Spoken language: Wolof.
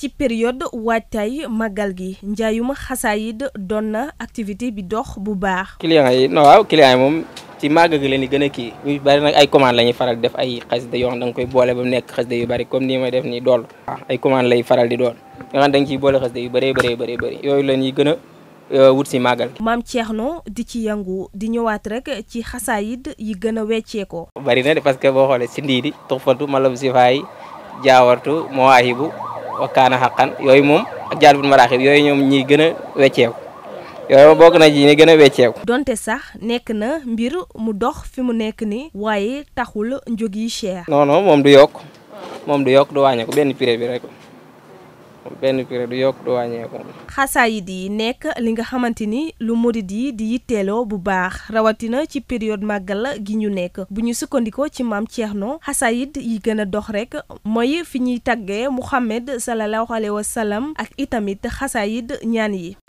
ci période waajtaay màggal gi njaayuma xasaayid doon na activité bi dox bu baax. clients yi non waaw clients yi moom ci màgg gi leen di gën a kii. yu nag ay commande la ñuy faral def ay xasida yoo xam da koy boole ba mu nekk xasida yu bari comme nii may def nii dool. waaw ay commande lay faral di doon nga xam da ciy boole xasida yu bëree bëree bëri yooyu la ñuy gën Euh, wut si màggal gi. maam Thierno di ci yangu di ñëwaat rek ci xasaayid yi gën a wecceekoo. bari na de parce que boo xoolee si ndiidi tuxfatu malam sifaay jaawartu mawaahibu wakkaana xaqan yooyu moom ak jaalibul maraaxib yooyu ñoom ñi gën a wecceeku yooyu bokk na ji ñi gën a wecceeku. donte sax nekk na mbir mu dox fi mu nekk ni waaye taxul njog yi cher. non moom du yokk moom du yokk du wàññeeku benn prix bi rek. benn xasaayid yi nekk li nga xamante ni lu murid yi di yitteeloo bu baax rawatina ci période màggal gi ñu nekk bu ñu sukkandikoo ci maam Thierno xasaayid yi gën a dox rek mooy fi ñuy taggee Muhammad sallallahu alayhi wa sallam ak itamit xasaayid ñaan yi.